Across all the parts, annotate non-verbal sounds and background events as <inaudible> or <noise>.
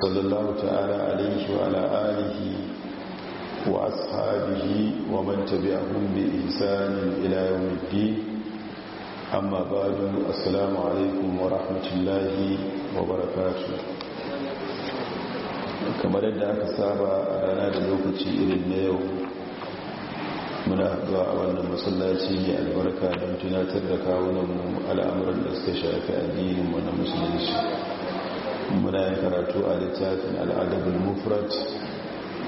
صلى الله تعالى عليه وعلى آله وأصحابه ومن تبعهم بإحسان إلى يوم الدين أما بعد السلام عليكم ورحمة الله وبركاته kamar yadda aka saba a rana da lokaci irin na yau muna haɗuwa a wannan masallaci mai albarka don tunatar da kawunanmu al'amuran da suka shafi addininmu na musulunci muna yin karatu a littafin al'adabul mufrat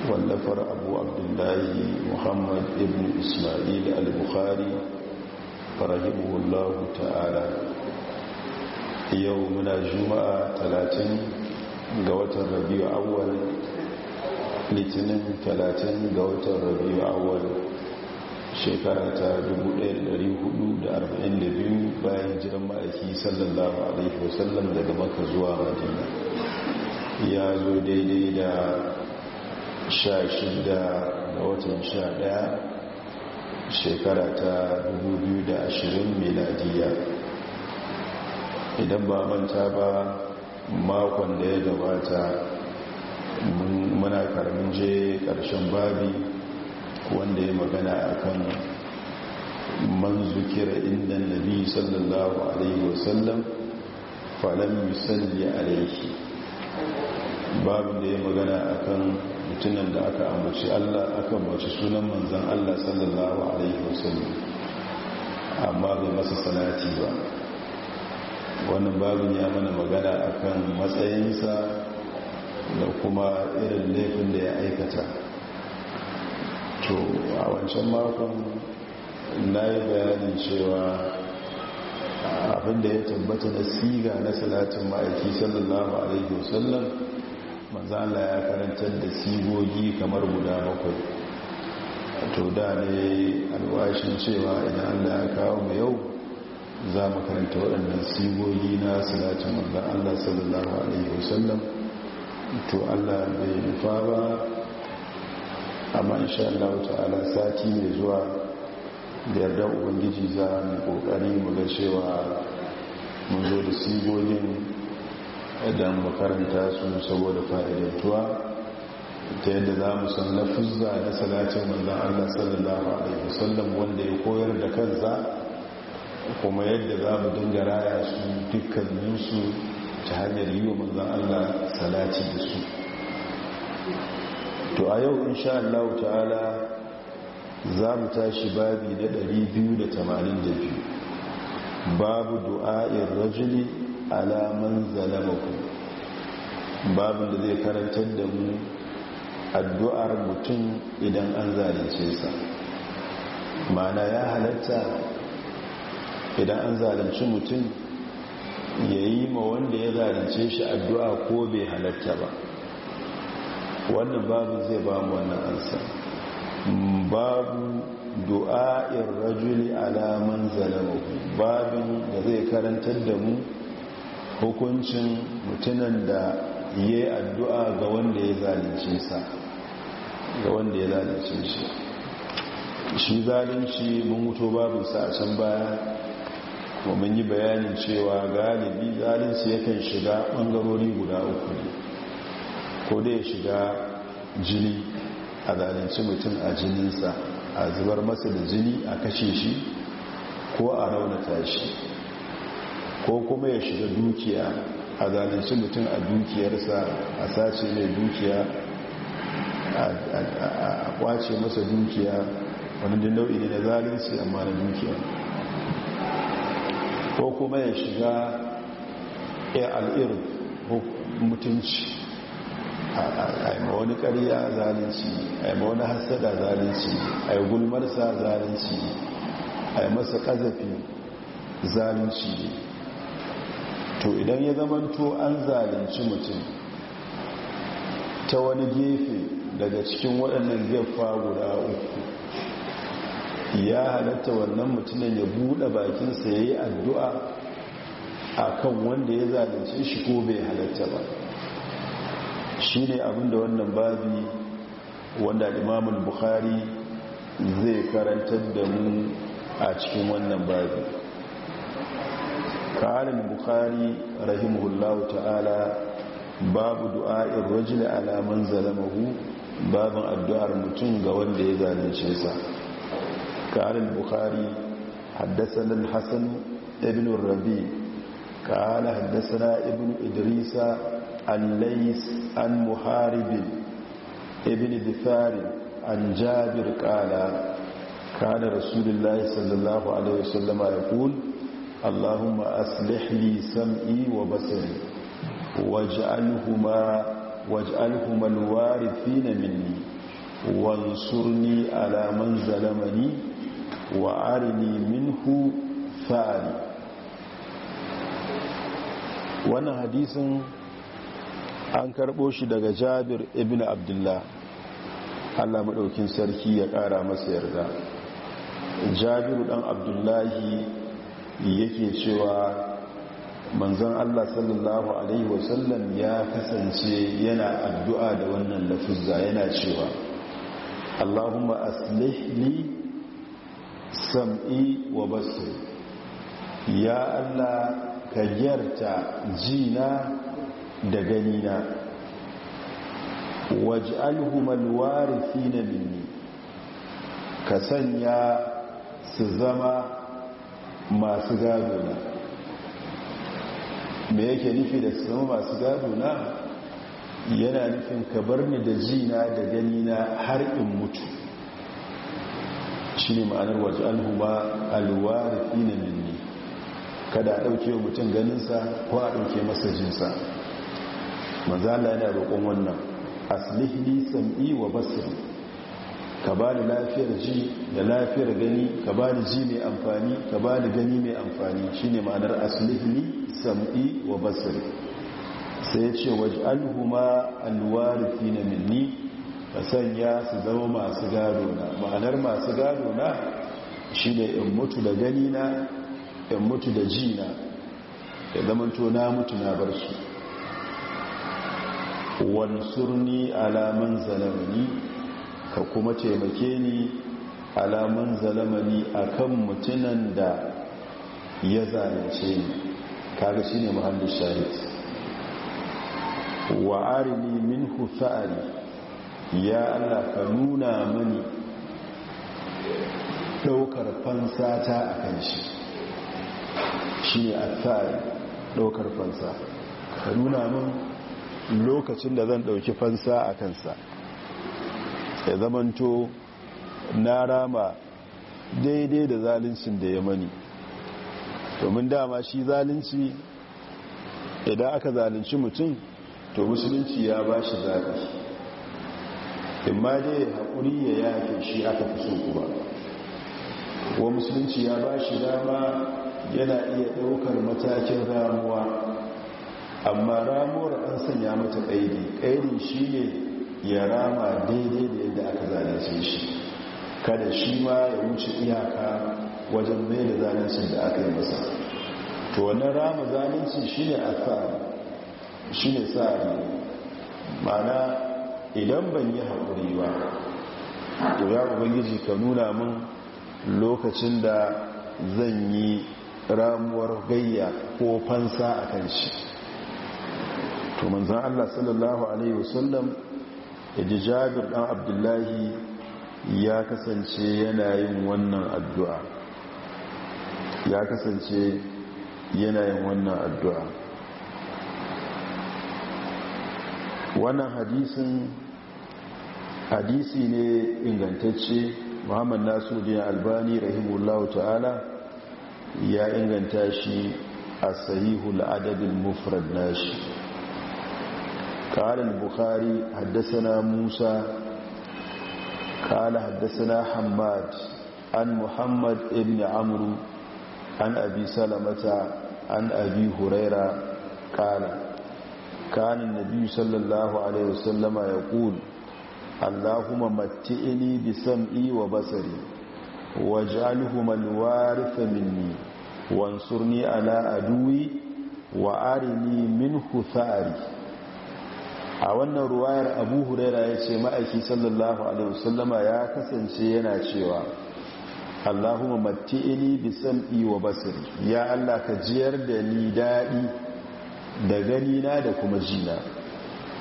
wallafar abu abdullahi muhammad ibn ismail al-bukhari farahimullahu ta'ala yau muna juma'a talatin ga watan rabi'u awwal litinin talatin ga watan rabi'u awwal shekara ta 1442 bayan jiran ma'aiki sallallahu alaihi wasallam daga maka zuwa madina ya zo daidai da 16 ga watan 11 shekara ta 2020 miladiya idan ba manta ba makon da ya gabata muna karamin je karshen babi wanda ya magana akan kan zukira inda nabi sallallahu alaihi wasallam falon a laifi babu da ya magana akan mutunan da aka ambaci allah aka ambaci sunan manzan allah sallallahu alaihi wasallam amma bai masa salati ba wannan babu ya mana magana a kan matsayinsa da kuma irin laifin da ya aikata to a wancan makon na yi bayani cewa abinda ya tabbata na siga na salatin ma'aiki sallallahu alaihi wasallam manzala ya karantar da sigogi kamar guda bakwai to da ne alwashin cewa idan allah ya kawo mu yau za mu karanta waɗannan sigogi na salatin manzan allah sallallahu alaihi wasallam to allah bai nufa ba amma insha Allah ta'ala sati mai zuwa da yarda ubangiji za mu kokari mu ga cewa mun zo da sigogin idan mu su saboda fa'idantuwa ta yadda za mu san lafuzza na salatin manzon Allah sallallahu alaihi wasallam wanda ya koyar da kansa kuma yadda za mu dinga raya su dukkaninsu ta hanyar yi wa manzon Allah salati da su to a yau insha Allah ta'ala za mu tashi babi na 282 babu du'a'in rajuli alaman zalamaku babin da zai karantar da mu addu'ar mutum idan an zalunce sa mana ya halatta idan an zalunci mutum ya yi ma wanda ya zalunce shi addu'a ko bai halatta ba wannan babu zai ba mu wannan ansa babu du'a'ir rajuli ala man zalamahu babin da zai karantar da mu hukuncin mutunan da yi addu'a ga wanda ya zalunce sa ga wanda ya zalunce shi shi zalunci mun mutu babu sa a can baya kuma mun yi bayanin cewa galibi zalunci yakan shiga ɓangarori guda uku ko dai ya shiga jini a zalunci mutum a jininsa a zubar masa da jini a kashe shi ko a raunata shi ko kuma ya shiga dukiya a zalunci mutum a dukiyarsa a sace mai dukiya a kwace masa dukiya wani nau'i ne na zalunci amma na dukiya ko kuma ya shiga al'irin mutunci Aima wani ƙarya zalunci Aima wani hasada zalunci Aima gulmarsa zalunci Aima sa masa ƙazafi zalunci to idan ya zamanto an zalunci mutum ta wani gefe daga cikin waɗannan gefa guda uku ya halatta wannan mutumin ya buɗe bakinsa ya yi addu'a a kan wanda ya zalunce shi ko bai halatta ba shi ne abinda wannan babi wanda limamin bukhari zai karantar da mu a cikin wannan babi ƙarin bukhari rahimahullahu ta'ala babu du'a'in rajula alaman zalamahu babin addu'ar mutum ga wanda ya zalunce sa ƙarin bukhari haddasa nan hassan ibn rabi ƙala haddasa ibn idrisa الليس عن محارب ابن بثار عن جابر قال كان رسول الله صلى الله عليه وسلم يقول اللهم أصلح لي سمعي وبصري واجعلهما واجعلهما الوارثين مني وانصرني على من ظلمني وأرني منه ثاري wannan hadisin an karɓo shi daga jabir ibn abdullah allah maɗaukin sarki ya ƙara masa yarda jabiru ɗan abdullahi yake cewa manzan Allah sallallahu Alaihi wasallam ya kasance yana addu'a da wannan lafizza yana cewa Allahumma aslih ni sam'i wa basu ya Allah ka gyarta jina da ganina waj'alhum na minni ka sanya su zama masu gado na me yake nufi da su zama masu gado na yana nufin ka bar ni da jina da ganina har in mutu shi ne ma'anar waj'alhum na minni kada a ɗauke mutum ganinsa ko a ɗauke masa jinsa manzala yana roƙon wannan aslih li sam'i wa basri ka bani lafiyar ji da lafiyar gani ka bani ji mai amfani ka bani gani mai amfani shine ma'anar aslih li sam'i wa basri sai ya ce waj'alhuma alwarithina minni ka sanya su zama masu gado na ma'anar masu gado na shi ne in mutu da gani na in mutu da ji na ya zamanto na mutu na bar su wansurni alaman zalamani ka kuma taimake ni alaman zalamani akan mutunan da ya zalunce ni kaga shine muhammad shahid wa arini minhu sa'ali ya Allah ka nuna mani daukar fansa ta akan shi shine a daukar fansa ka nuna mani lokacin da zan ɗauki fansa a kansa ya zamanto na rama daidai da zaluncin da ya mani domin dama shi zalunci idan aka zalunci mutum to musulunci ya ba shi zaɓi in ma dai haƙuri ya yake shi aka fi so kuma wa musulunci ya ba shi dama yana iya ɗaukar matakin ramuwa amma ramuwar an sanya mata ƙaidi ƙaidin shi ne ya rama daidai da yadda aka zalunce shi kada shi ma ya wuce iyaka wajen mai da zaluncin da aka yi masa to wannan rama zalunci shi ne asari shi ne tsari mana idan ban yi haƙuri ba to ya ubangiji ka nuna min lokacin da zan yi ramuwar gayya ko fansa a kan shi to manzan Allah sallallahu alaihi wasallam ya ji jabir ɗan abdullahi ya kasance yana wannan addu'a ya kasance yana wannan addu'a wannan hadisin hadisi ne ingantacce muhammad nasiruddin albani rahimullahu ta'ala ya inganta shi a sahihul adabin mufrad shi. قال البخاري حدثنا موسى قال حدثنا حماد عن محمد ابن عمرو عن أبي سلمة عن أبي هريرة قال كان النبي صلى الله عليه وسلم يقول اللهم متئني بسمعي وبصري واجعلهما الوارث مني وانصرني على أدوي وأرني منه ثأري a wannan ruwayar abu huraira ya ce ma'aiki sallallahu alaihi wasallama ya kasance yana cewa allahumma matti'ini bi sam'i wa basiri ya allah ka jiyar da ni daɗi da ganina da kuma jina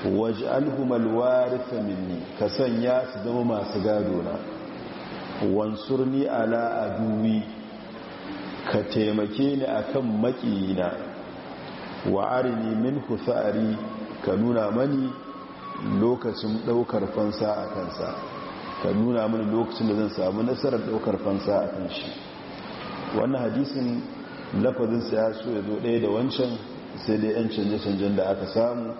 waj'alhum alwaritha minni ka sanya su zama masu gado na wansurni ala aduwi ka taimake ni akan maƙiyina wa arini min husari ka nuna mani lokacin daukar fansa a kansa ka nuna mani lokacin da zan samu nasarar daukar fansa a kan shi wannan hadisin lafazinsa ya so ya zo ɗaya da wancan sai dai 'yan canje-canjen da aka samu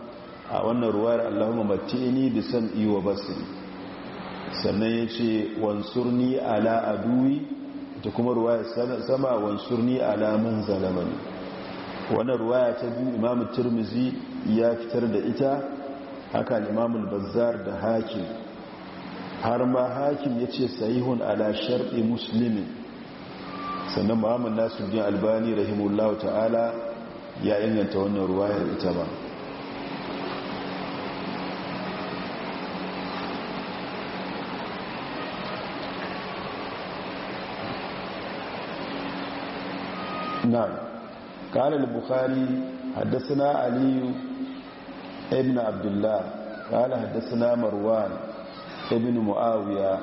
a wannan ruwayar allahumma matini da san iwa basiri sannan ya ce wansurni ala aduwi ta kuma ruwayar sama wansurni ala man zalamani wannan ruwaya ta biyu imamu turmizi ya fitar da ita haka limamul bazzar da hakim har ma hakim ya ce sahihun ala sharɗi musulmi sannan nasu biyan albani rahimullahu ta'ala ya inganta wannan ruwayar ita ba na'am قال البخاري حدثنا علي ابن عبد الله قال حدثنا مروان ابن معاوية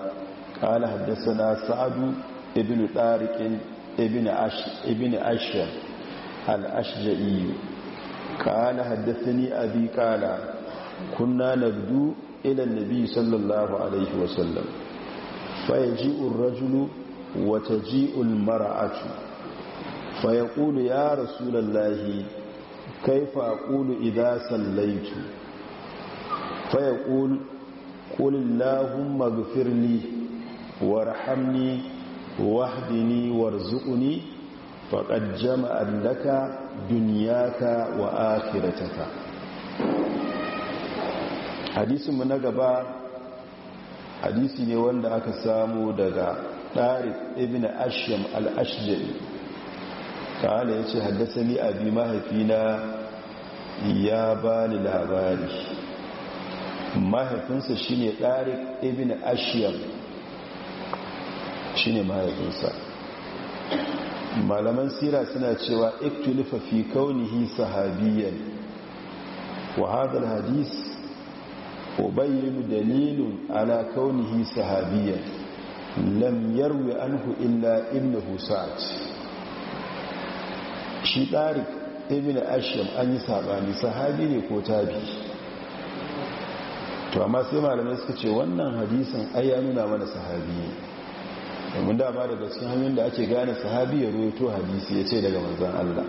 قال حدثنا سعد ابن طارق ابن عش ابن عشر الأشجعي قال حدثني أبي قال كنا نبدو إلى النبي صلى الله عليه وسلم فيجيء الرجل وتجيء المرأة fa ya ƙulu ya rasulallahi kaifa ƙulu idha sallaitu fa ya ƙulu ƙulillahun magfirli warhamni wahdini warzuƙuni faƙad jama'an laka duniyaka wa akhirataka hadisinmu na gaba hadisi ne wanda aka samo daga ɗari ibn ashyam al-ashjari ta'ala ya ce haddasa ni abi mahaifina ya ba ni labari mahaifinsa shi ne ɗarik ibn ashiyar shi ne mahaifinsa malaman sira suna cewa iktulifa fi kaunihi sahabiyan wa hadis ubayyinu dalilun ala kaunihi sahabiyan lam yarwi anhu illa ibn husat shi ɗarik ibn ashe an yi saɓani sahabi ne ko tabi to amma sai malamai suka ce wannan hadisin ai nuna mana sahabi ne domin dama daga cikin hanyoyin da ake gane sahabi ya roto hadisi ya ce daga manzan Allah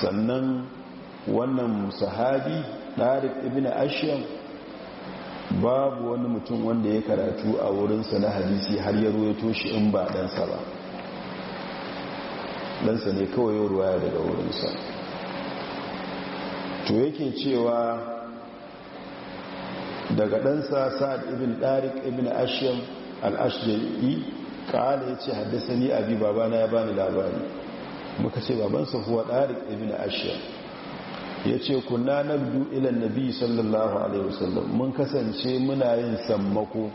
sannan wannan sahabi ɗarik ibn ashe babu wani mutum wanda ya karatu a wurinsa na hadisi har ya roto shi in ba ɗansa ba ɗansa ne kawai yau ruwaya daga wurinsa to yake cewa daga ɗansa sa'ad ibn ɗarik ibn ashyam al'ashjai ƙa'ala ya ce haddasa ni abi babana ya bani labari muka ce babansa huwa ɗarik ibn ashiyar. ya ce kuna na biyu ilan nabi sallallahu alaihi wasallam mun kasance muna yin sammako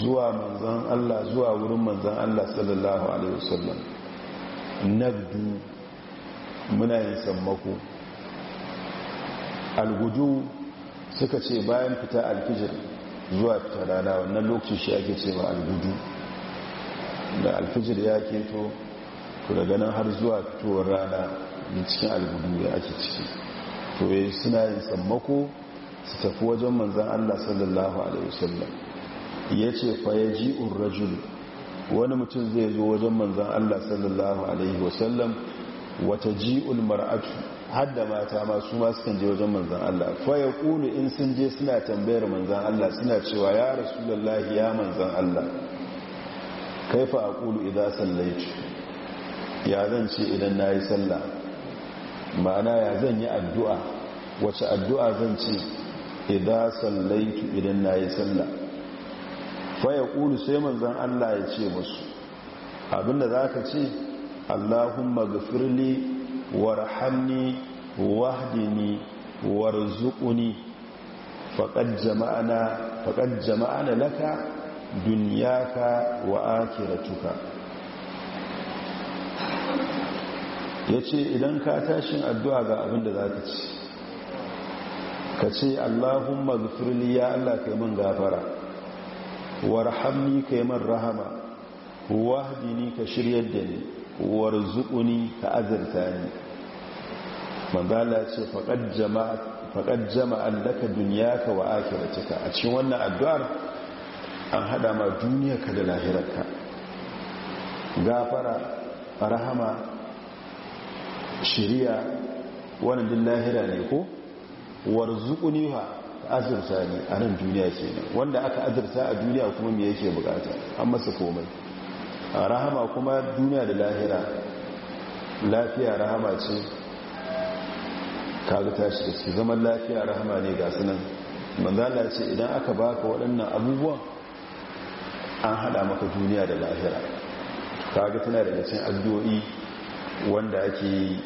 zuwa manzan Allah zuwa wurin manzan Allah sallallahu alaihi wasallam nabdu muna yin sammako algudu suka ce bayan fita alfijir zuwa fita rana wannan lokacin shi ake ce ma algudu da alfijir ya keto to daga nan har zuwa fitowar rana cikin algudu ya ake ciki to yi eh, suna yin sammako su tafi wajen manzan allah sallallahu alaihi wasallam ya ce fa ya ji rajulu wani mutum zai zo wajen manzan Allah sallallahu alaihi wasallam wata ji'ul mar'atu hadda mata ma su kan je wajen manzan Allah faya kulu in sun je suna tambayar manzan Allah suna cewa ya rasu rasulullahi ya manzan Allah kaifa aqulu idan sallaitu ya zan ce idan na yi sallah ma'ana ya zan yi addu'a wace addu'a zan ce idan sallaitu idan na yi sallah waya ƙulu sai manzan Allah ya ce musu abinda za ka ce Allahumma gafirli warhamni wahdini warzuquni faqad jama'ana faqad jama'ana laka dunyaka wa akhiratuka yace idan ka tashin addu'a ga abinda za ka ce ka ce Allahumma gafirli ya Allah kai mun gafara warhamni ka yi man rahama wahdini ka shiryar da ni warzuquni ka azurta ni manzala ce faqad jama'a faqad jama'a laka wa cika. a cikin wannan addu'ar an hada ma duniyarka da lahirarka gafara rahama shiriya wannan din lahira ne ko warzuquni wa azurta ne a nan duniya ke nan wanda aka azurta a duniya kuma me yake bukata an masa komai a rahama kuma duniya da lahira lafiya rahama ce kaga tashi da su zaman lafiya rahama ne ga sunan manzala ce idan aka baka waɗannan abubuwan an hada maka duniya da lahira kaga tana daga cikin addu'o'i wanda ake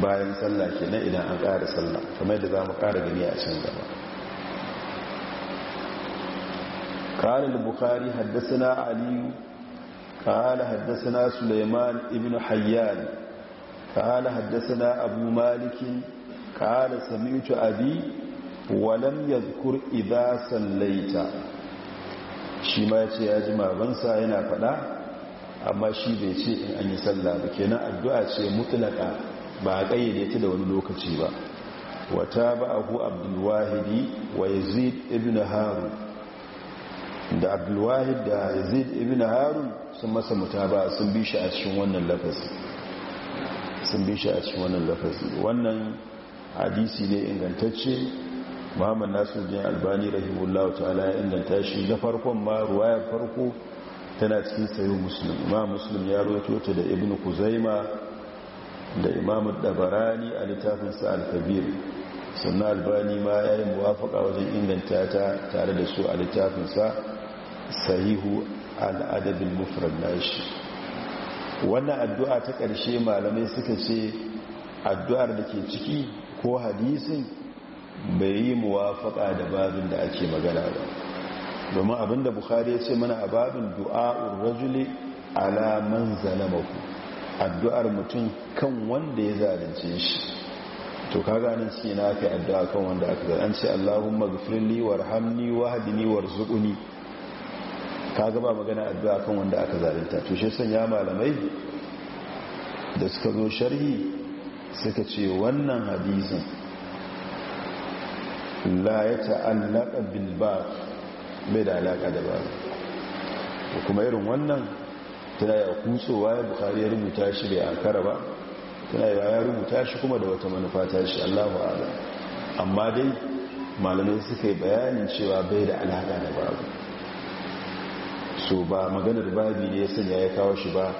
bayan sallah kenan idan an ƙara sallah kamar da za mu ƙara gani a cin gaba قال البخاري حدثنا علي قال حدثنا سليمان ابن حيان قال حدثنا أبو مالك قال سمعت أبي ولم يذكر إذا سليت shi ma ya ce ya ji mabansa yana faɗa amma shi bai ce in an yi sallah ba na addu'a ce mutlaka ba a kayyade ta da wani lokaci ba wata ba'ahu abdul wahidi wa yazid ibn harun da abdulwahid da yazid ibn harun sun masa mutaba sun bi shi a cikin wannan lafazi sun bi shi a cikin wannan lafazi wannan hadisi ne ingantacce muhammad jin albani rahimullahu ta'ala ya inganta shi da farkon ma ruwaya farko tana cikin sayo muslim ma muslim ya rawaito ta da ibn kuzaima da imam dabarani a littafinsa al-kabir sannan albani ma ya yi muwafaka wajen inganta ta tare da su a littafin littafinsa sahihu al'adabin mufran nashi wannan addu'a ta ƙarshe malamai suka ce addu'ar da ke ciki ko hadisin bai yi muwafaƙa da babin da ake magana ba domin abinda bukhari ya ce mana a babin du'a'ur rajuli alaman zalamaku addu'ar mutum kan wanda ya zalunce shi to kaga nan ce na kai addu'a kan wanda aka zalunce Allahumma gafirli warhamni wahdini warzuqni ka gaba magana addu'a kan wanda aka zalunta to shi sanya malamai da suka zo sharhi suka ce wannan hadisin la ya ta'allaka bil bai da alaka da ba kuma irin wannan tana ya kutsowa ya bukari ya rubuta shi bai ankara ba tana ya rubuta shi kuma da wata manufa ta shi Allahu a'lam amma dai malamai suka yi bayanin cewa bai da alaka da babu so ba maganar babi ne ya sanya ya kawo shi ba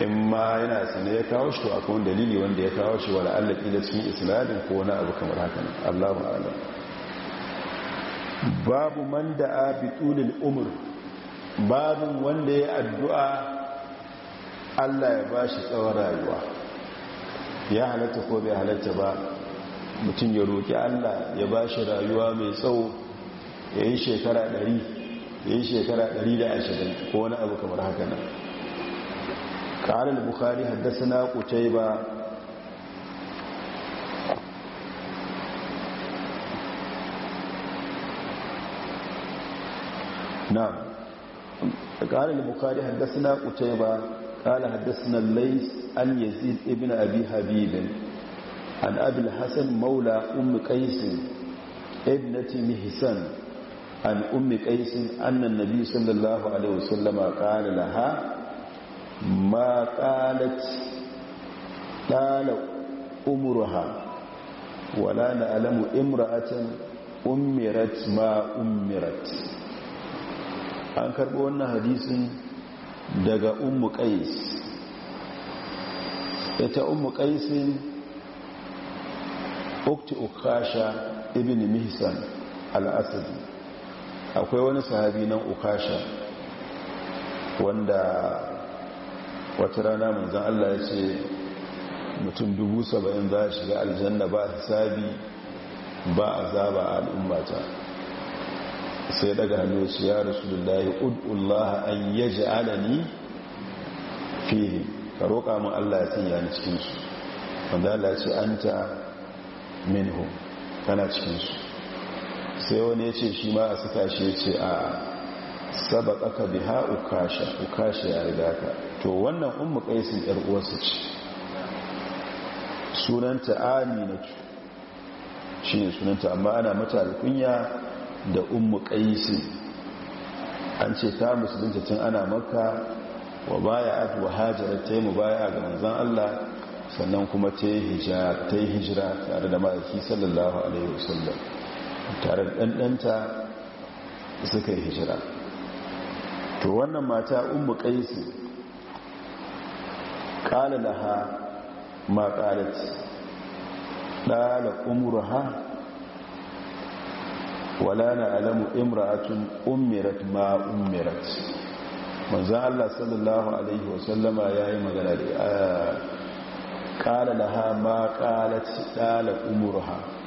in ma yana sanar ya kawo shi to akwai dalili wanda ya kawo shi wala Allah da cikin isnadin ko wani abu kamar haka ne Allahu a'lam babu man da'a bi babin wanda ya addu'a Allah ya ba shi tsawon rayuwa ya halatta ko bai halatta ba mutum ya roƙi Allah ya ba shi rayuwa mai tsawo ya yi shekara ɗari. da yi shekara 120 ko wani abu kamar haka bukari haddasa na kucai ba na haddasa na kucai ba ƙarar haddasa na lais an yazid ibn abi habibin an abin hassan maula umar kaisin ibn nati an umi kaisin annan nabi sallallahu alaihi wasallam qala laha ma qalat qala umruha wala na'lamu imra'atan umirat ma umirat an karbo wannan hadisin daga ummu qais ita ummu qaisin ukti ukasha ibn mihsan al-asadi akwai wani sahabi nan ukasha wanda wata rana manzan Allah ya ce mutum dubu saba'in za a shiga aljanna ba hisabi ba a zaba a al'ummata sai daga hannu shi ya rasu da lahi ud'ullaha an ya ji alani fiye ka roƙa mun Allah ya sanya ni cikinsu wanda Allah ya ce an ta minhu kana cikinsu sai wani ya ce shi ma a suka shi ya ce a sabaka ka biha ukasha ukasha ya riga ka to wannan umu kaisin yar uwarsa ce sunanta shi ne sunanta amma ana mata alkunya da umu kaisin an ce ta musulunta tun ana maka wa baya at wa hajjara ta baya ga manzon Allah sannan kuma ta yi hijira tare da ma'aiki sallallahu alaihi wasallam tare da ɗanɗanta suka yi hijira to wannan mata umu ƙaisi ƙala da ha ma ci, ɗala umuru ha wala na alamu imratun umirat ma umirat manzan Allah sallallahu Alaihi wasallama ya yi magana da ƙala ah, da ha ma ci, ɗala umuru ha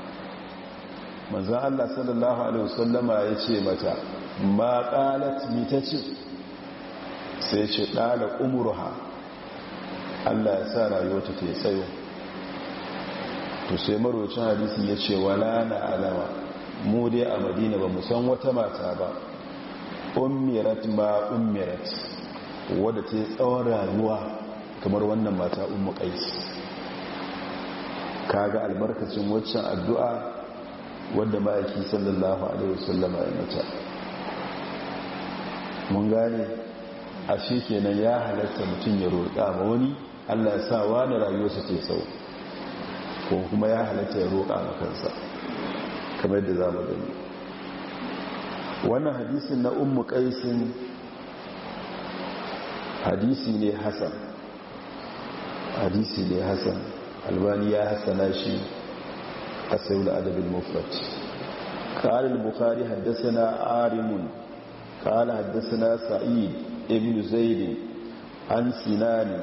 manzan allah sallallahu alaihi wasallama ya ce mata ma ƙalat ce sai ce ɗala umurha allah ya sa rayuwata ta tsayo to sai marocin hadisi ya ce wala na alama mu dai a madina ba san wata mata ba umirat ma ummirat wadda ta yi tsawon rayuwa kamar wannan mata ummu Ka ga albarkacin waccan addu'a wadda ma'aiki sallallahu alaihi wasallama ya mata mun gane a shi kenan ya halatta mutum ya roƙa ma wani allah ya sa wa da rayuwarsa ce sau ko kuma ya halatta ya roƙa ma kansa kamar yadda za mu gani wannan hadisin na ummu kaisin hadisi ne hasan hadisi ne hasan albani ya hasana shi asaiwul adabin mufrat kare bukari haddasa arimun kare haddasa na sa'id ibnu zaidi an sinani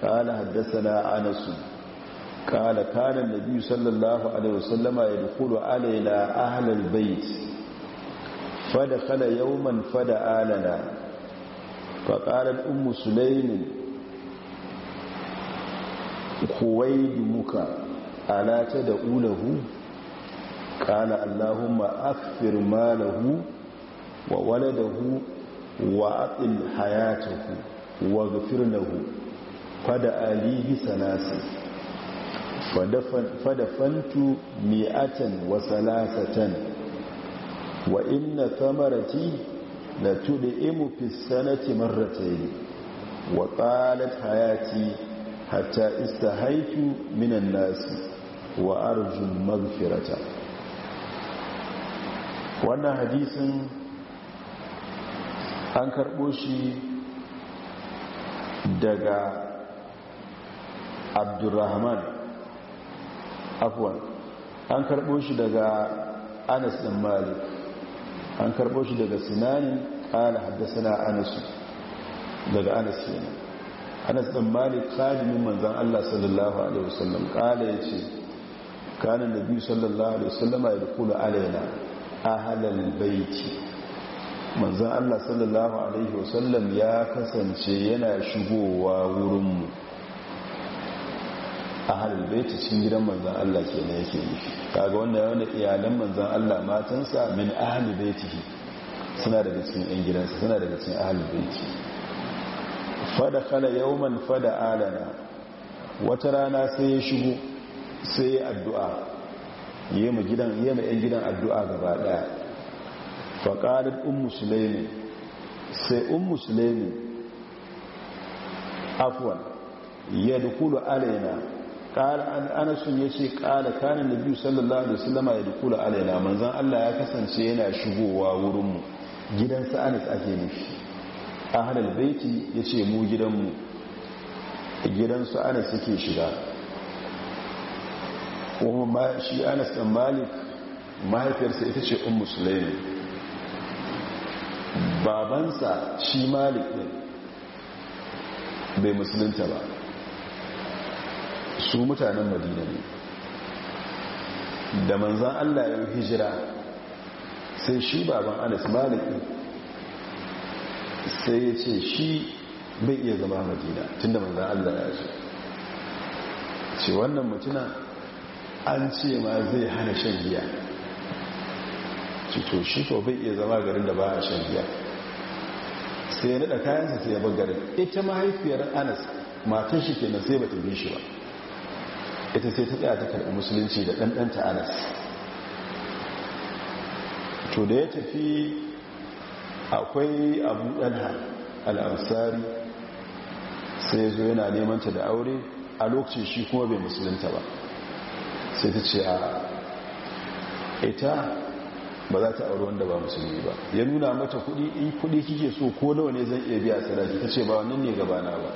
kare haddasa na anasu kare kare na biyu sallallahu alaihi wasallama ya dukulu alaina ahalar bait fada kala yawon fada alana faƙarar ummu sulaimin kuwaidu muka ala ta da ulahu ƙala allahumma akfir malahu wa waladahu wa aqil hayatahu wa ghfir lahu fada alihi sanasi fada fantu mi'atan wa salasatan wa inna thamarati la tud'imu fi sanati marratayn wa qalat hayati hatta istahaytu minan nasi wa arjun magfirata wannan hadisin an karɓo shi daga abdurrahman afwan an karɓo shi daga anas ɗan malik an karɓo shi daga sinani ƙala haddasa na anasu daga anas yana anas ɗan malik khadimin manzan allah sallallahu alaihi wasallam ƙala ya ce kanan da biyu sallallahu alaihi wasallama ya dukula alaina ahalal baiti manzan allah sallallahu alaihi wasallam ya kasance yana shigowa wurinmu ahalal baiti cikin gidan manzan allah ke na yake nufi kaga wannan yawon iyalan manzan allah matansa min ahalal baiti suna daga cikin yan gidansa suna da a cikin ahalal baiti fada kala yawman fada alana wata rana sai ya shigo sai ya addu'a yi ma gidan yan gidan addu'a gaba ɗaya faqalat ummu musulmi sai musulmi sulaimi afwan yadkhulu alaina qala an ce ƙala kanin da biyu sallallahu alaihi wasallama yadkhulu alaina manzan Allah ya kasance yana shigowa wurinmu gidan sa'anis anas ake nufi hannun baiti ce mu gidanmu gidan su anas suke shiga kuma shi anas ɗan malik mahaifiyarsa ita ce un musulmi babansa shi malik ɗin bai musulunta ba su mutanen madina ne da manzan allah ya hijira sai shi baban anas malik ɗin sai ya ce shi bai iya zama madina tun da manzan allah ya ce ce wannan mutuna an ce ma zai hana shan giya cito shi to bai iya zama garin da ba a shan giya sai ya nada kayansa sai ya bar garin ita mahaifiyar anas matan shi kenan sai ba ta bi shi ba ita sai ta tsaya ta karɓi musulunci da ɗanɗanta anas to da ya tafi akwai abu ɗanha al'amsari sai ya zo yana neman ta da aure a lokacin shi kuma bai musulunta ba sai ta ce a ita ba za ta auri wanda ba musulmi ba ya nuna mata kudi in kudi kike so ko nawa ne zan iya biya sadaki ta ce ba wannan ne gabana ba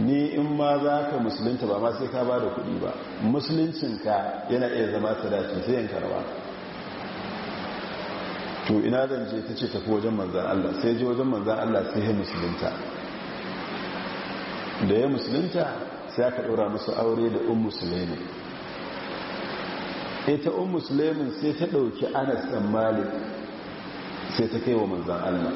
ni in ma za ka musulunta ba ma sai ka ba da kudi ba musuluncinka yana iya zama sadaki sai yin karba to ina zan je ta ce tafi wajen manzan Allah sai je wajen manzan Allah sai ya musulunta da ya musulunta sai aka ɗora musu aure da un musulmi ita un musulmi sai ta ɗauki anas ɗan malik sai ta kai wa manzan allah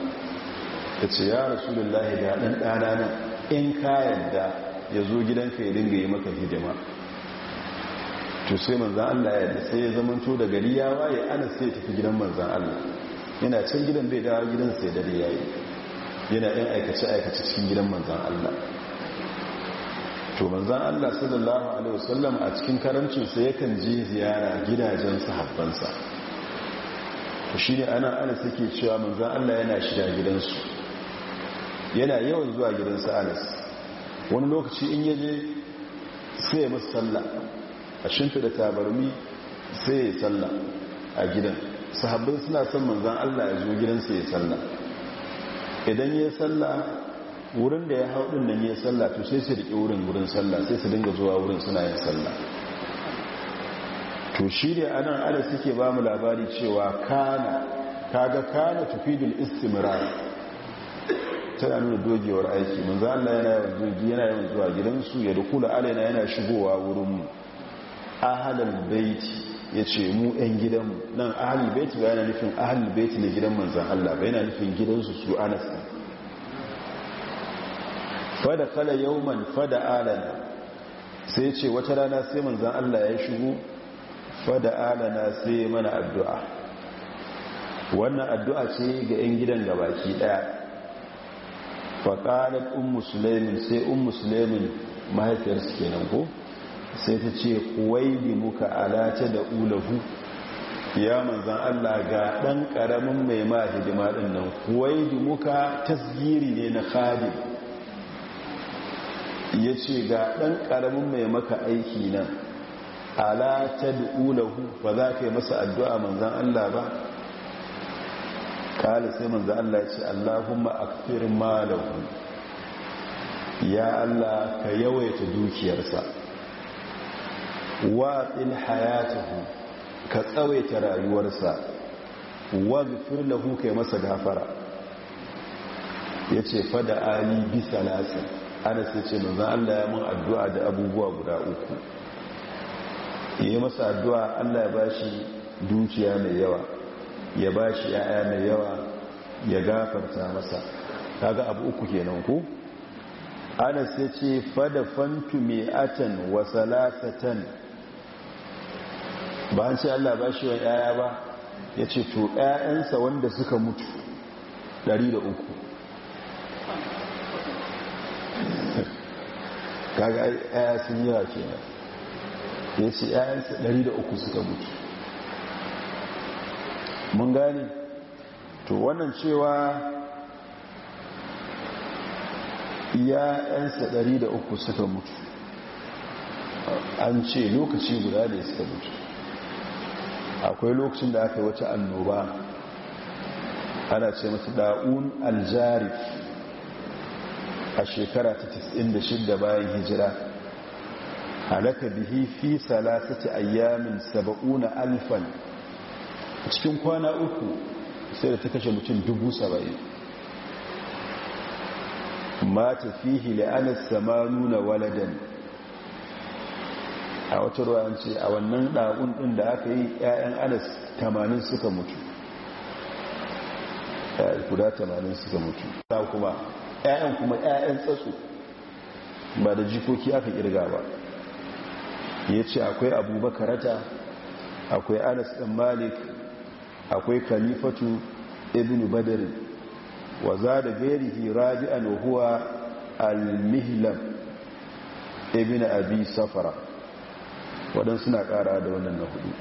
ta ce ya rasulullahi da ɗan ɗana nan in ka da ya zo gidanka ya dinga yi maka hidima to sai manzan allah ya yadda sai ya zamanto da gari ya waye anas sai tafi gidan manzan allah yana can gidan bai dawo gidan sai dare ya yana yan aikace-aikace cikin gidan manzan allah to manzan Allah sallallahu alaihi wasallam a cikin karancinsa yakan je ziyara gidajen sahabbansa to ne ana Anas yake cewa manzan Allah yana shiga gidansu yana yawan zuwa gidansa Anas wani lokaci in yaje sai ya musu sallah a shimfi da tabarmi sai ya sallah a gidan sahabbai suna son manzan Allah ya zo gidansa ya sallah idan ya sallah wurin da ya hau din nan ya sallah to sai su riƙe wurin wurin sallah sai su dinga zuwa wurin suna yin sallah to shi ne nan ala suke ba mu labari cewa kana kaga kana tufidul istimrar tana nuna dogewar aiki za Allah yana yawan zuwa gidansu ya dukula alaina yana shigowa wurin mu ahlal baiti ya ce mu 'yan gidanmu nan ahalul baiti ba yana nufin ahalul baiti na gidan manzan Allah ba yana nufin gidansu su anas fada kala yawman fada alana sai ce wata rana sai manzan Allah ya shigo fada alana sai mana addu'a wannan addu'a ce ga 'yan gidan baki daya faƙarar un musulmin sai un musulmin mahaifiyarsu kenan ko sai ta ce kuwaili muka alata da ulahu ya manzan Allah ga ɗan ƙaramin mai ma hidima ɗin nan kuwaili muka tasgiri ne na khadim ya ce ga ɗan ƙaramin mai maka aiki nan ala ta da'ulahu ba za ka yi masa addu'a manzan Allah ba kala sai manzan Allah ya ce Allahumma akfir malahu ya Allah ka yawaita dukiyarsa waɗin hayatahu ka tsawaita rayuwarsa waɗin lahu ka yi masa gafara ya ce fada ali bisa nasir anas ya ce manzan allah ya mun addu'a da abubuwa guda uku ya yi masa addu'a allah ya bashi dukiya mai yawa ya bashi ya'ya mai yawa ya gafarta masa kaga abu uku kenan ko anas ya ce fada fantu mai atan wa salasatan ba an ce allah ba shi wa yaya ba ya ce to yayansa wanda suka mutu uku. kaga ya sun yawa kenan ya ce ayansa 103 suka mutu mun gane to wannan cewa ya yansa 103 suka mutu an ce lokaci guda ne suka mutu akwai lokacin da aka yi wata annoba ana ce mata da'un aljarif a shekara ta 96 bayan hijira halaka bihi fi salasati ayyamin 70 alfan cikin kwana uku sai da ta kashe mutum 70 mata fihi sama samanuna waladan a wata ruwan ce a wannan ɗagun ɗin da aka yi 'ya'yan anas 80 suka mutu guda 80 suka mutu ta kuma 'ya'yan kuma 'ya'yan tsatsu ba da jikoki aka kirga ba ya ce akwai abubakarata akwai anas ɗan malik akwai kalifatu ibn badari wa za da gairihi a huwa al-mihlam ibn abi safara waɗansu suna ƙara da wannan na hudu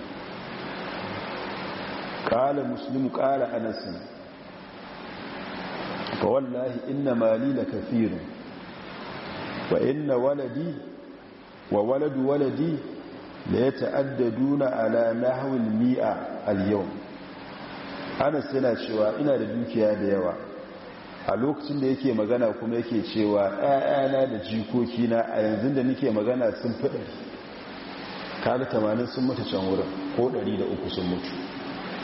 ƙala muslim ƙala anasin fa wallahi inna mali la kafirin wa inna waladi wa waladu waladi la yata'addaduna ala nahawin mia al yau. Anas yana cewa ina da dukiya da yawa a lokacin da yake magana kuma yake cewa ‘ya'yana da jikokina a yanzu da nake magana sun fiɗa. kada tamanin sun mutu can wurin ko ɗari da uku sun mutu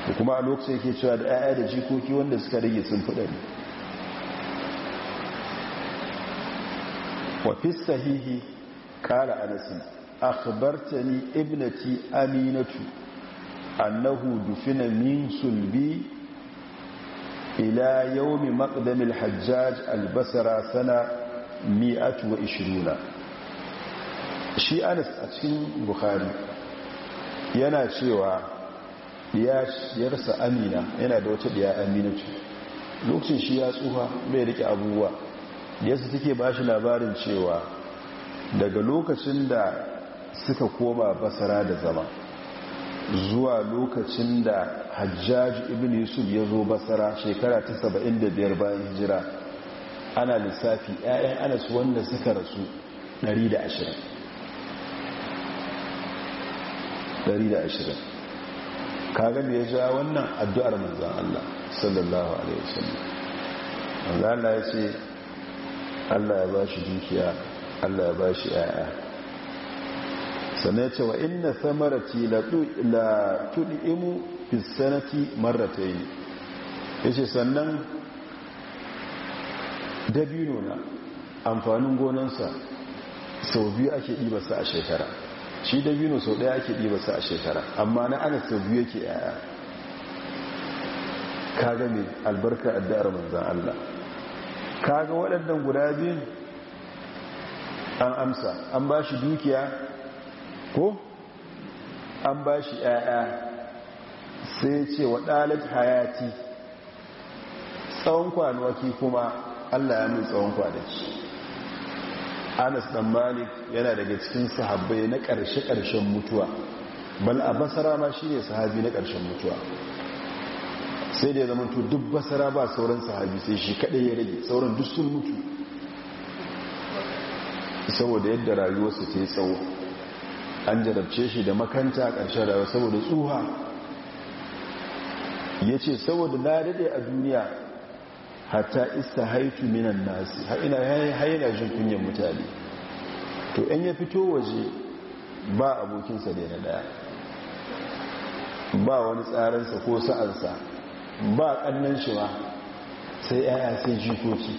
da kuma a lokacin yake cewa da ɗaya da jikoki wanda suka rage sun fiɗa. wa sahihi kala anasi akhbartani ibnati aminatu annahu dufina min sulbi ila yawmi maqdam al-hajjaj al-basra sana 120 shi anas a cikin bukhari yana cewa yarsa amina yana da wata ɗiya aminatu lokacin shi ya tsufa bai rike abubuwa yasa suke ba shi labarin cewa daga lokacin da suka koma basara da zama zuwa lokacin da hajjaji ibn yusuf ya zo basara shekara ta 75 bayan hijira ana lissafi 'ya'yan anas wanda suka rasu 120 kaga da ya ja wannan addu'ar manzan Allah sallallahu Alaihi wasallam Allah ya ce allah ya ba shi dukiya allah ya ba shi ya'ya sannan ya ce wa inna samarati la tudimu fisanati yi. ya ce sannan dabino na amfanin gonansa sau biyu ake ɗibarsa a shekara shi dabino sau ɗaya ake ɗibarsa a shekara amma na ana sau biyu yake yaya ka gami albarka addu'ar manzan Allah kaga waɗannan guda biyun an amsa an ba shi dukiya ko an ba shi ‘ya'ya sai ce wa ɗalat hayati tsawon kwanwaki kuma allah ya min tsawon kwanaki anas ɗan malik yana daga cikin sahabbai na ƙarshe-ƙarshen mutuwa bal a basara ma shi ne sahabi na ƙarshen mutuwa sai da ya zama to duk basara ba sauran sahabi sai shi kadai ya rage sauran duk sun mutu saboda yadda rayuwarsa ta tsawo an jarabce shi da makanta a ƙarshen rayuwa saboda tsuha ya ce saboda na daɗe a duniya hata isa haitu minan nasi haina haina jin kunyan mutane to yan ya fito waje ba abokinsa da na ɗaya ba wani tsarinsa ko sa'ansa ba kannan shi ba sai yaya sai jikoki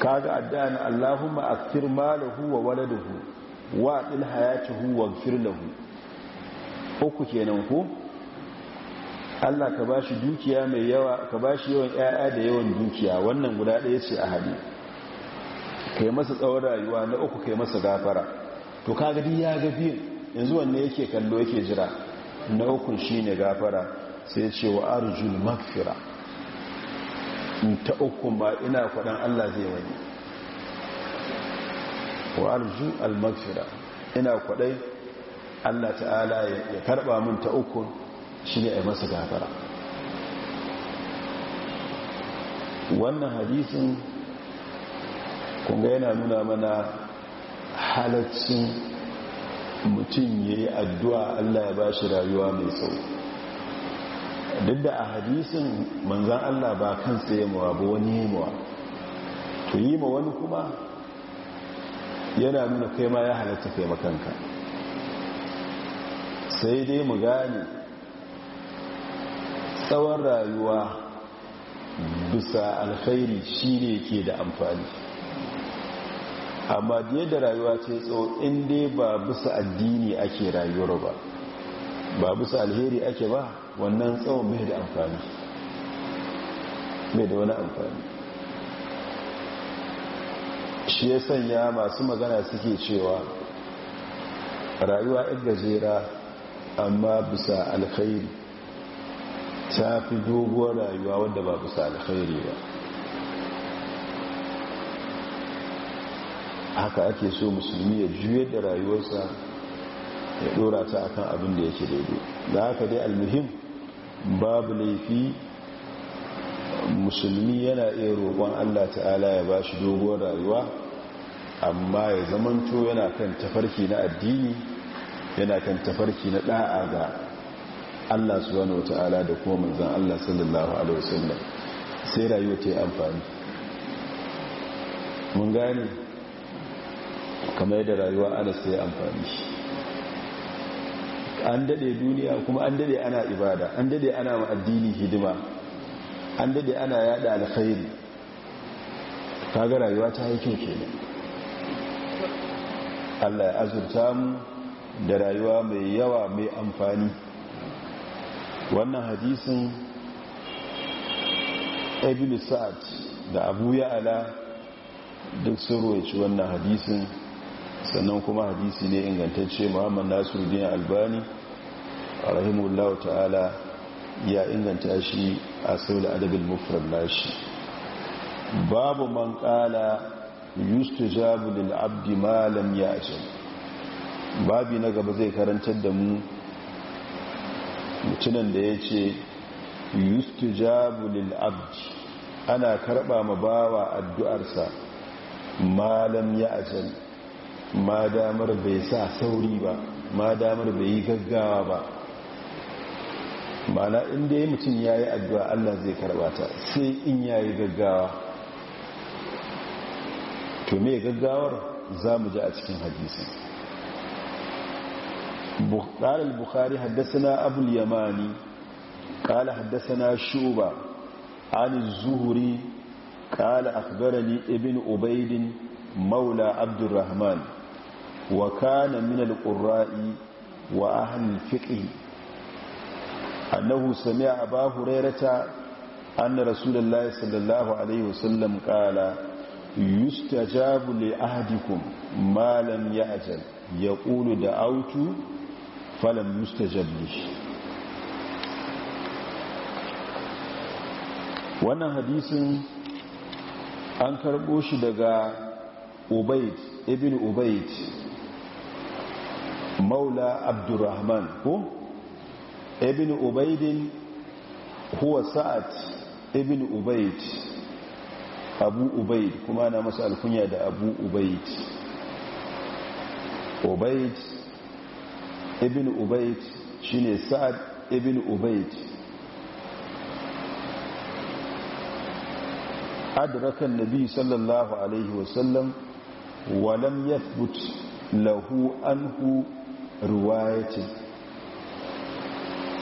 kaga addan Allahumma akthir malahu wa waladuhu wa atil hayatuhu hu. lahu uku kenan ku? Allah ka bashi dukiya mai yawa ka bashi yawan 'ya'ya da yawan dukiya wannan guda ɗaya ce a hadi kai masa tsawon rayuwa na uku kai masa gafara to kaga duk ya ga biyu yanzu wanne yake kallo yake jira na hukun shi ne gafara sai ce wa arjul magfira ta ukun ba ina kwaɗan allah zai wani wa arjul al-magfira ina kwaɗai allah ta'ala ya karɓa min ta hukun shi ne a masa gafara wannan hadisin kunga yana nuna mana halaccin mutum ya yi addu'a Allah ya ba shi rayuwa mai tsawo duk da a hadisun manzan Allah ba kan mawa ba wani mawa to yi ma wani kuma yana nuna kai ma ya halatta kai makanka sai dai mu gane tsawon rayuwa bisa alkhairi shi ne ke da amfani amma da yadda rayuwa ce tsawo in dai ba bisa addini ake rayuwar ba ba bisa alheri ake ba wannan tsawon bai da amfani bai da wani amfani shi ya sanya masu magana suke cewa rayuwa inda zera amma bisa alkhairi ta fi doguwar rayuwa wadda ba bisa alkhairi ba haka ake so musulmi ya juye da rayuwarsa ya dora ta akan abin da yake daidai da haka dai almuhim babu laifi musulmi yana iya roƙon allah ta'ala ya ba shi doguwar rayuwa amma ya zamanto yana kan tafarki na addini yana kan tafarki na da'a ga allah subhanahu wata'ala da kuma manzan allah sallallahu alaihi wasallam sai rayuwa ta yi amfani mun gane kamar yadda rayuwa ana sai amfani shi an dade duniya kuma an dade ana ibada an dade ana addini hidima an dade ana yada alkhairi kaga rayuwa ta yi kyau kenan Allah ya azurta mu da rayuwa mai yawa mai amfani wannan hadisin ibn sa'ad da abu ya'ala duk sun roci wannan hadisin sannan kuma hadisi ne ingantacce muhammad nasiruddin albani a rahimullahu ta'ala ya inganta shi a sau da adabin mufran nashi babu man kala yustu jabu da abdi malam ya ce babi na gaba zai karantar da mu mutunan da ya ce yustu jabu abdi ana karba ma bawa addu'arsa malam ya ajal ma damar bai sa sauri ba ma damar bai yi gaggawa ba mana inda ya mutum ya yi addu'a Allah zai karbata sai in ya yi gaggawa to me gaggawar za mu ji a cikin hadisi قال البخاري حدثنا أبو اليماني قال حدثنا shuba عن الزهري قال أخبرني ابن أبيد مولى عبد الرحمن wa kana min al-qurra'i wa ahli fiqh annahu sami'a aba hurairata anna rasulullahi sallallahu alaihi sallam qala yustajabu li ahdikum ma lam ya'jal yaqulu da'awtu falam yustajab li wannan hadisin an karbo shi daga ubaid ibn ubaid maula abdurrahman ko ibn ubaidin huwa sa'ad ibn ubaid abu ubaid kuma na masa alkunya da abu ubaid ubaid ibn ubaid shine sa'ad ibn ubaid adraka nabi sallallahu alaihi wasallam wa lam yathbut lahu anhu ruwayatin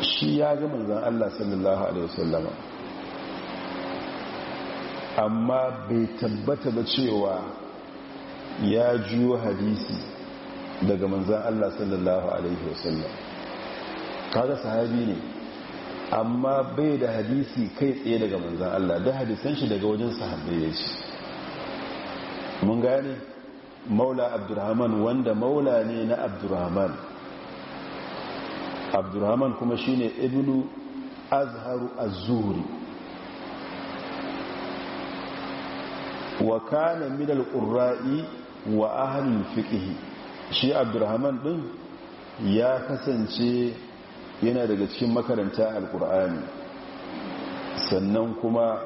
shi ya ga manzan Allah sallallahu Alaihi wasallama amma bai tabbata ba cewa ya juyo hadisi daga manzan Allah sallallahu Alaihi wasallam kaga sahabi ne amma bai da hadisi kai tsaye daga manzan Allah da hadisan shi daga wajen sahabbai ya ce mun gane maula abdurrahman wanda maula ne na abdurrahman abdurrahman kuma shine ibnu azharu az-zuhri wa kana min al wa ahli fiqh shi abdurrahman ɗin ya kasance yana daga cikin makaranta Alƙur'ani, sannan kuma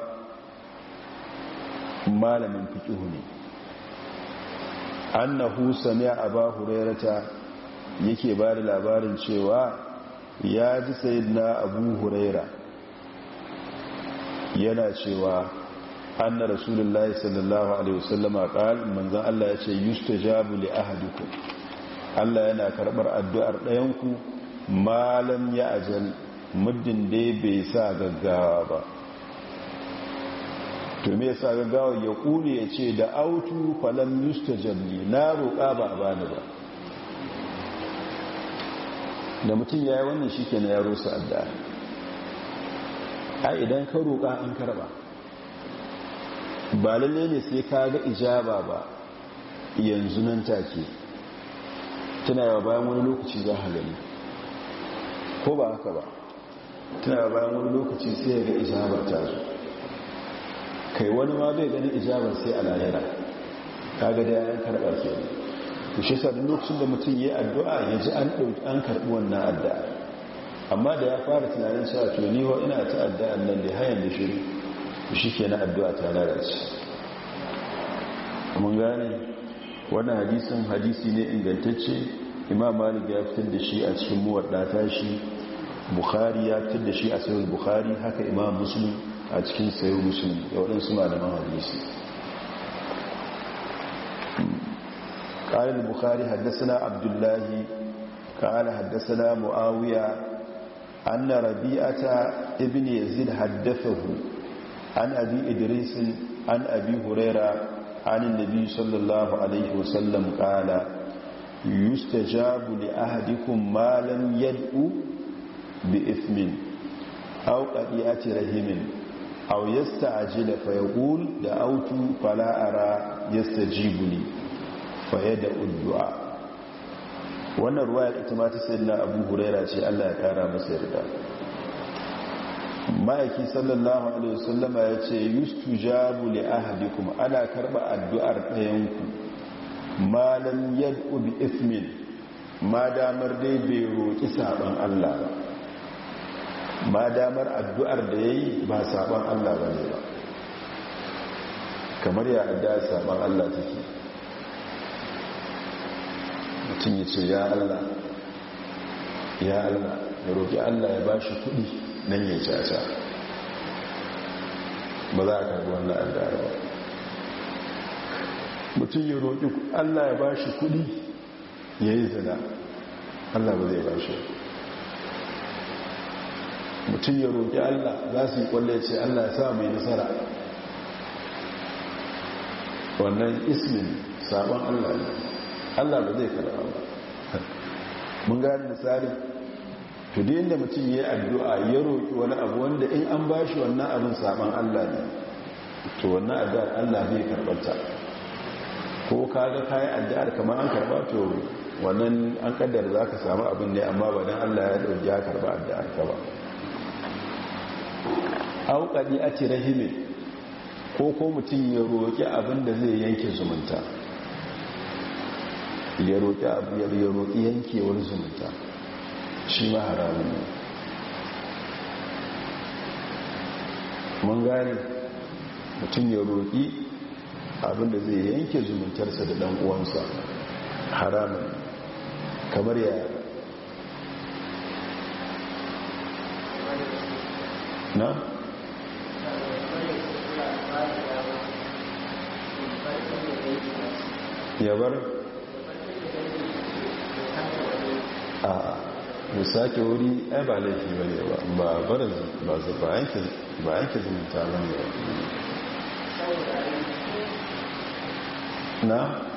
malamin fiƙihu ne annahu a abu hurairata yake ba da labarin cewa ya ji sayyidina abu huraira yana cewa anna rasulullahi sallallahu alaihi wasallama qal manzon Allah ya ce yustajabu li ahadikum Allah yana karɓar addu'ar ɗayanku malam ya ajal muddin dai bai sa gaggawa ba to me yasa gaggawa ya kure ya ce da autu falam ta na roƙa ba a bani ba da mutum ya yi wannan shi ke na yaro su addu'a a idan ka roƙa an karɓa ba lalle ne sai ka ga ijaba ba yanzu nan take tana yawa bayan wani lokaci za a gani ko ba haka ba tana yawa bayan wani lokaci sai ya ga ijaba ta zo kai wani ma bai ganin ijabar sai a lahira ka ga da yayan karɓa ke ne to shi lokacin da mutum ya yi addu'a ya ji an ɗauki an karɓi wannan addu'a amma da ya fara tunanin sa to ni wa ina ta addu'a nan da hayan da shiru to shi ke na addu'a ta lalace mun gane wannan hadisin hadisi ne ingantacce imam malik ya fitar da shi a cikin muwadda shi bukhari ya fitar da shi a sayar bukhari haka imam muslim a cikin sayar muslim da waɗansu malaman hadisi قال البخاري حدثنا عبد الله قال حدثنا معاوية أن ربيعة ابن يزيد حدثه عن أبي إدريس عن أبي هريرة عن النبي صلى الله عليه وسلم قال يستجاب لأهدكم ما لم يدعو بإثم أو قطيعة رحم أو يستعجل فيقول دعوت فلا أرى يستجيبني faye da uddu'a wannan ruwa ya ita mata sai na abu huraira ce allah ya kara masa yarda ma'aiki sallallahu alaihi wasallama ya ce yustu jabu li kuma ana karba addu'ar ɗayanku malam yad'u bi ismin ma damar dai bai roƙi saban allah ba ma damar addu'ar da ya yi ba saban allah ba ne ba kamar ya addu'ar saban allah take mutum ya ce ya allah ya allah ya roƙi allah ya ba shi kuɗi don ya caca ba za a karbi wannan addu'ar ba mutum ya roƙi allah ya ba shi kuɗi ya yi zina allah ba zai ba shi mutum ya roƙi allah za su yi ya ce allah ya sa mai nasara wannan ismin sabon allah ne allah ba zai karɓa ba mun da misali to da yadda mutum ya yi addu'a ya roƙi wani abu wanda in an ba shi wannan abin saman allah ne to wannan addu'ar allah zai karɓarta ko ka ga kayi addu'ar kamar an karɓa to wannan an kaddara za ka samu abin ne amma ba don allah ya ɗauki ya karɓa addu'ar ka ba auƙaɗi a ci rahime ko ko mutum ya roƙi abin da zai yanke zumunta ya roƙi abu ya roƙi yankewar zumunta shi ma haramun ne mun gane mutum ya roƙi abinda zai yanke zumuntarsa da ɗan uwansa haramun kamar ya na? yabar? a mu sake wuri ai ba laifi ba ne ba ba barin ba su ba yanke zumunta ba ne ba na?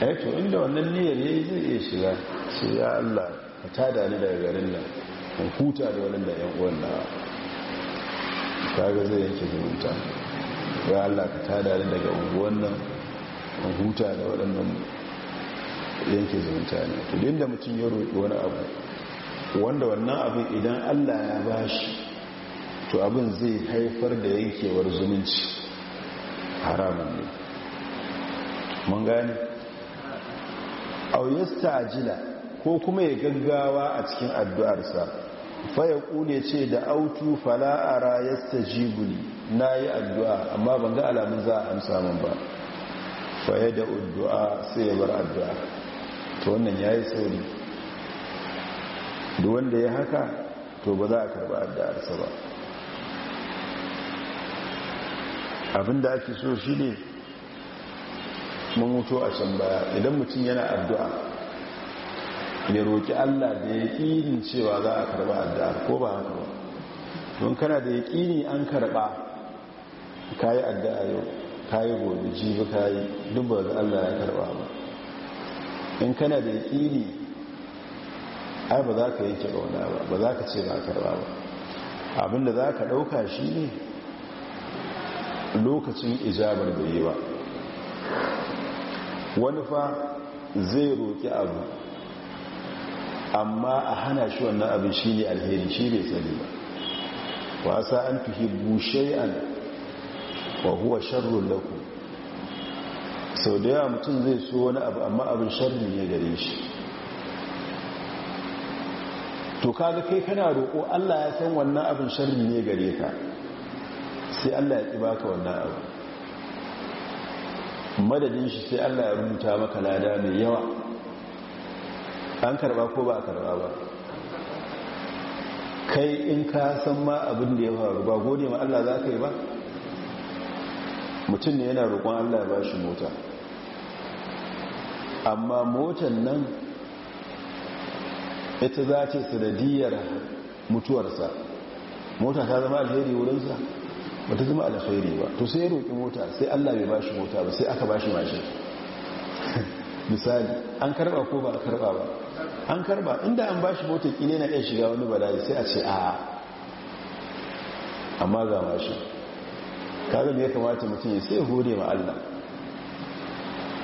Eh to inda wannan niyyar ya yi zai iya shiga sai ya Allah ka tada ni daga garin nan kan huta da wannan da yan uwan na kaga zai yanke zumunta ya Allah ka tada ni daga unguwan nan in huta da waɗannan yanke zumunta ne to da mutum ya roƙi wani abu wanda wannan abin idan allah ya bashi to abin zai haifar da yankewar zumunci haramun ne mun gani auyasta ajila ko kuma ya gaggawa a cikin addu'arsa faya kule ce da autu fala'ara yasta jibuli na yi addu'a amma ban ga alamun za a amsa min ba faye da addu'a sai ya bar addu'a to wannan ya yi sauri da wanda ya haka to ba za a karba addu'arsa ba abinda ake so shi ne mamuto a can baya idan mutum yana addu'a ya roƙi allah da ya ƙinin cewa za a karba addu'ar ko ba haka ba don kana da ya ƙini an karba ka yi addu'a yau kayi gobe jibi kayi duk da Allah ya karba ba in kana da yaƙini ai ba za ka yanke ƙauna ba ba za ka ce ba karba ba abinda za ka ɗauka shi ne lokacin ijabar da yi ba wani fa zai roƙi abu amma a hana shi wannan abin shi ne alheri shi bai sani ba wasa an bushe an. wa huwa sharrun laku sau da yawa mutum zai so wani abu amma abin sharri ne gare shi to kaga kai kana roƙo Allah ya san wannan abin sharri ne gare ka sai Allah ya ƙi baka wannan abu madadin shi sai Allah ya rubuta maka lada mai yawa an karba ko ba a karba ba kai in ka san ma abin da ya faru ba gode ma Allah za ka yi ba mutum ne yana roƙon allah ba shi mota amma motan nan ita za ce sanadiyar mutuwarsa mota ta zama alheri wurinsa ba ta zama alheri ba to sai ya roƙi mota sai allah bai ba shi mota ba sai aka ba shi mashin <laughs> misali an karba ko ba a karba ba an karba inda an ba shi mota ƙine na iya shiga wani bala'i sai a ce a amma ga mashin kaga me ya kamata mutum ya sai gode ma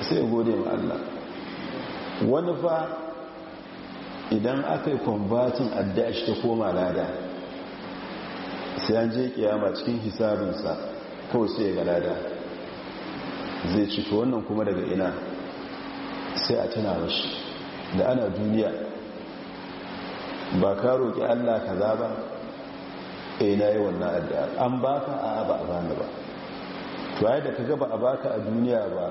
sai gode ma wani fa idan aka yi kwambatin addu'a shi ta koma lada sai an je kiyama cikin hisabinsa kawai sai ga lada zai cito wannan kuma daga ina sai a tana mashi da ana duniya ba ka roƙi Allah kaza ba eh na yi wannan addu'a an baka a ba a bani ba to yadda da ka gaba a baka a duniya ba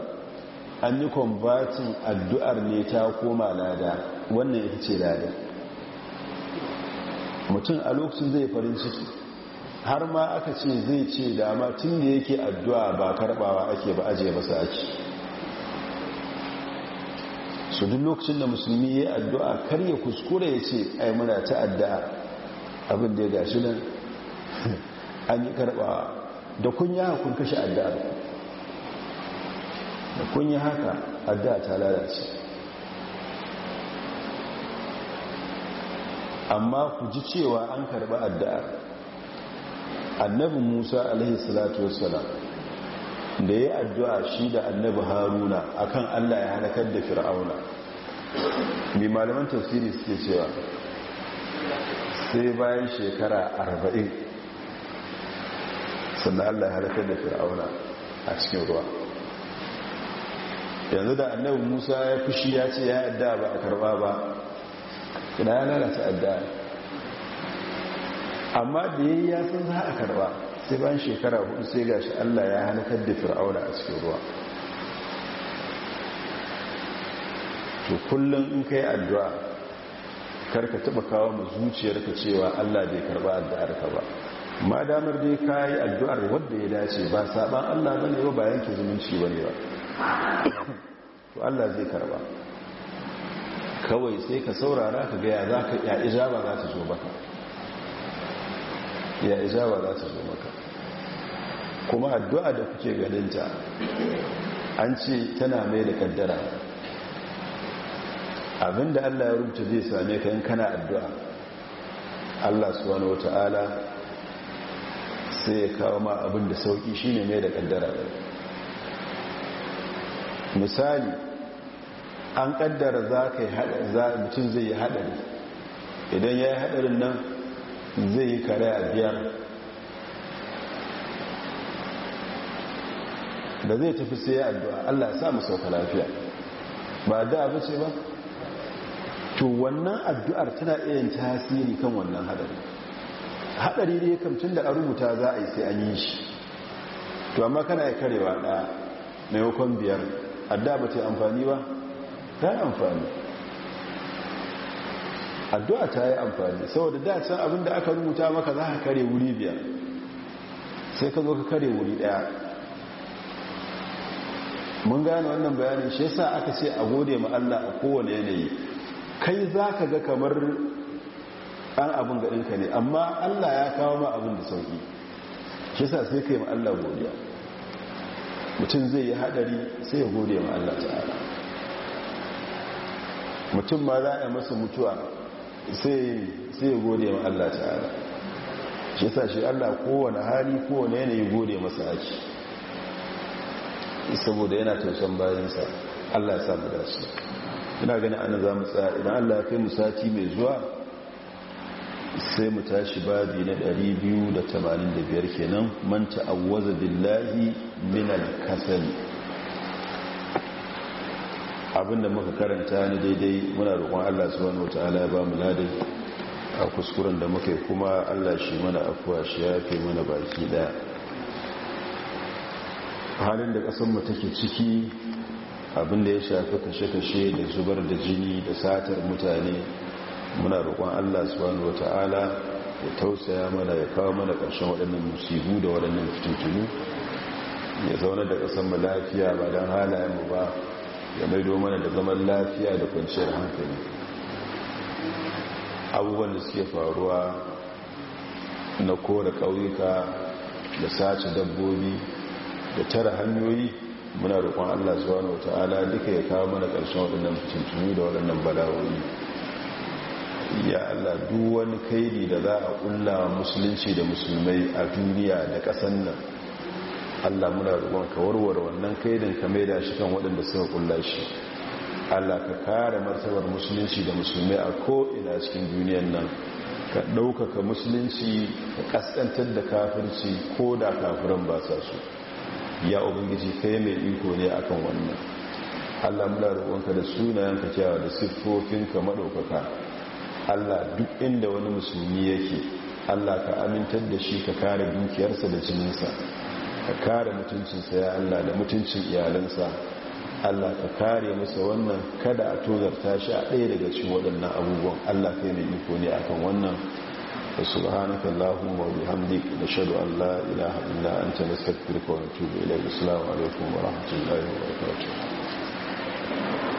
an yi kwambatin addu'ar ne ta koma lada wannan ita ce lada mutum a lokacin zai farin ciki har ma aka ce zai ce dama tun da yake addu'a ba karbawa ake ba ajiye sa ake su duk lokacin da musulmi ya yi addu'a kar ya kuskure ya ce ai muna ta addu'a abin da ya gashi nan an yi karɓa da kun kun kashe addu'ar da kun haka addu'a ta lalace amma ku ji cewa an karɓa addu'ar annabi musa alaihi salatu wassalam da ya addu'a shi da annabi haruna akan allah ya halakar da fir'auna mai malaman tafsiri suke cewa sai bayan shekara arba'in sannan allah ya halakar da fir'auna a cikin ruwa yanzu da annabi musa ya fushi ya ce ya yadda ba a karba ba ina ya lalata adda amma da ya yi ya san za a karba sai ban shekara hudu sai ga shi allah ya halakar da fir'auna a cikin ruwa to kullum in ka yi addu'a karka taba kawo mu zuciyarka cewa Allah bai karba addu'arka ba ma damar dai ka yi addu'ar wadda ya dace ba saɓan allah ba ne ba bayan ke zumunci ba ne ba to allah zai karba kawai sai ka saurara ka gaya za ka ya ijaba za ta zo maka ya ijaba za ta zo maka kuma addu'a da kuke ganinta an ce tana mai da kaddara abinda allah ya rubuta zai same ka yin kana addu'a allah subhanahu wata'ala sai ya kawo ma abin da sauki shine mai da kaddara misali an ƙaddara za ka yi mutum zai yi haɗari idan ya yi haɗarin nan zai yi kare a biyar da zai tafi sai ya addu'a Allah ya samu sauka lafiya ba da abu ce ba to wannan addu'ar tana iya tasiri kan wannan haɗari haɗari dai kamcin da a rubuta za a yi sai an yi shi to amma kana ya karewa ɗaya maimakon biyar adda ba ce amfani ba ta yi amfani addu'a ta yi amfani saboda da can abinda aka rubuta maka za ka kare wuri biyar sai ka zo ka kare wuri ɗaya mun gane wannan bayanin shi yasa aka ce a gode ma Allah a kowane yanayi kai za ka ga kamar an abin ɗinka ne amma allah ya kawo ma abin da sauƙi shi sa sai ka yi ma allah godiya mutum zai yi haɗari sai ya gode ma allah ta'ala mutum ma za a masa mutuwa sai ya gode ma allah ta'ala shi sa shi allah kowane hali kowane yanayi gode masa aji saboda yana tausan bayansa allah ya samu dace ina ganin ana za mu tsaya idan allah ya kai musati sati mai zuwa sai mu tashi babi na 285 kenan man ta'awwaza billahi min al-kasal abinda muka karanta ne daidai muna roƙon Allah subhanahu wataala ya bamu ladan a kuskuren da muka yi kuma Allah shi mana afuwa shi ya fi mana baki da halin da ƙasar mu take ciki abinda ya shafi kashe-kashe da zubar da jini da satar mutane muna roƙon Allah subhanahu wata'ala ya tausaya mana ya kawo mana ƙarshen waɗannan musibu da waɗannan fitintunu ya zaune da ƙasar mu lafiya ba don halayen mu ba ya maido mana da zaman lafiya da kwanciyar hankali abubuwan da suke faruwa na kora ƙauyuka da sace dabbobi da tara hanyoyi muna roƙon Allah subhanahu wata'ala duka ya kawo mana ƙarshen waɗannan fitintunu da waɗannan bala'o'i ya Allah duk wani kaidi da za a kulla musulunci da musulmai a duniya da ƙasan nan Allah muna roƙon ka warware wannan kaidin ka maida shi kan waɗanda suka kulla shi Allah ka kare martabar musulunci da musulmai a ko'ina cikin duniyan nan ka ɗaukaka musulunci ka ƙasƙantar da kafirci ko da kafiran ba sa su ya ubangiji kai mai iko ne akan wannan Allah muna roƙonka da sunayenka cewa da siffofinka maɗaukaka allah duk inda wani musulmi yake allah ka amintar da shi ka kare dukiyarsa da jininsa ka kare mutuncinsa ya allah da mutuncin iyalansa allah ka kare masa wannan kada a tozarta shi a ɗaya daga cikin waɗannan abubuwan allah yi mai iko ne akan wannan سبحانك اللهم وبحمدك نشهد أن لا إله إلا أنت نستغفرك ونتوب